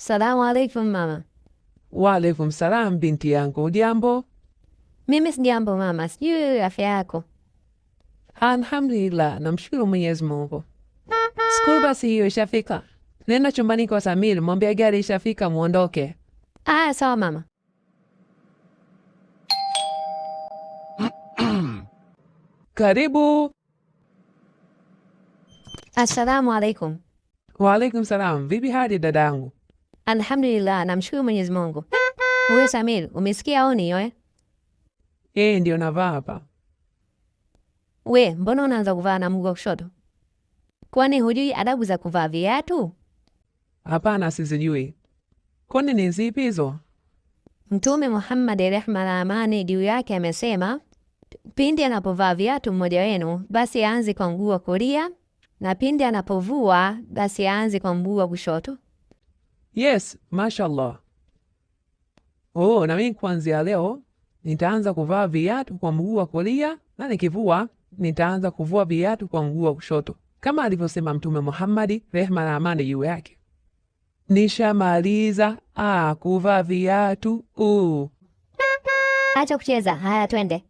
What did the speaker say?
Salamu alaikum mama. Waalaikum salam binti yangu, ujambo? Mimi sijambo mama, sijui afya yako. Alhamdulillah, namshukuru Mwenyezi Mungu. School bus hiyo ishafika, nenda chumbani kwa Samir, mwambie gari ishafika, muondoke. Ah, sawa mama. Karibu. Assalamu alaikum. Waalaikum salam. Vipi hali dadangu? Alhamdulillah, namshukuru Mwenyezi Mungu. Wewe Samir, umesikia au niyo eh? Eh, ndio navaa hapa. We, mbona unaanza kuvaa na mguu wa kushoto? Kwani hujui adabu za kuvaa viatu? Hapana, sizijui. Kwani ni zipi hizo? Mtume Muhammad, rehma na amani juu yake, amesema pindi anapovaa viatu mmoja wenu, basi aanze kwa mguu wa kulia, na pindi anapovua, basi aanze kwa mguu wa kushoto. Yes, mashallah. Oh, na mimi kuanzia leo nitaanza kuvaa viatu kwa mguu wa kulia na nikivua nitaanza kuvua viatu kwa mguu wa kushoto kama alivyosema Mtume Muhammadi, rehma na amani juu yake. Nishamaliza ah, kuvaa viatu. Uh. Acha kucheza, haya twende.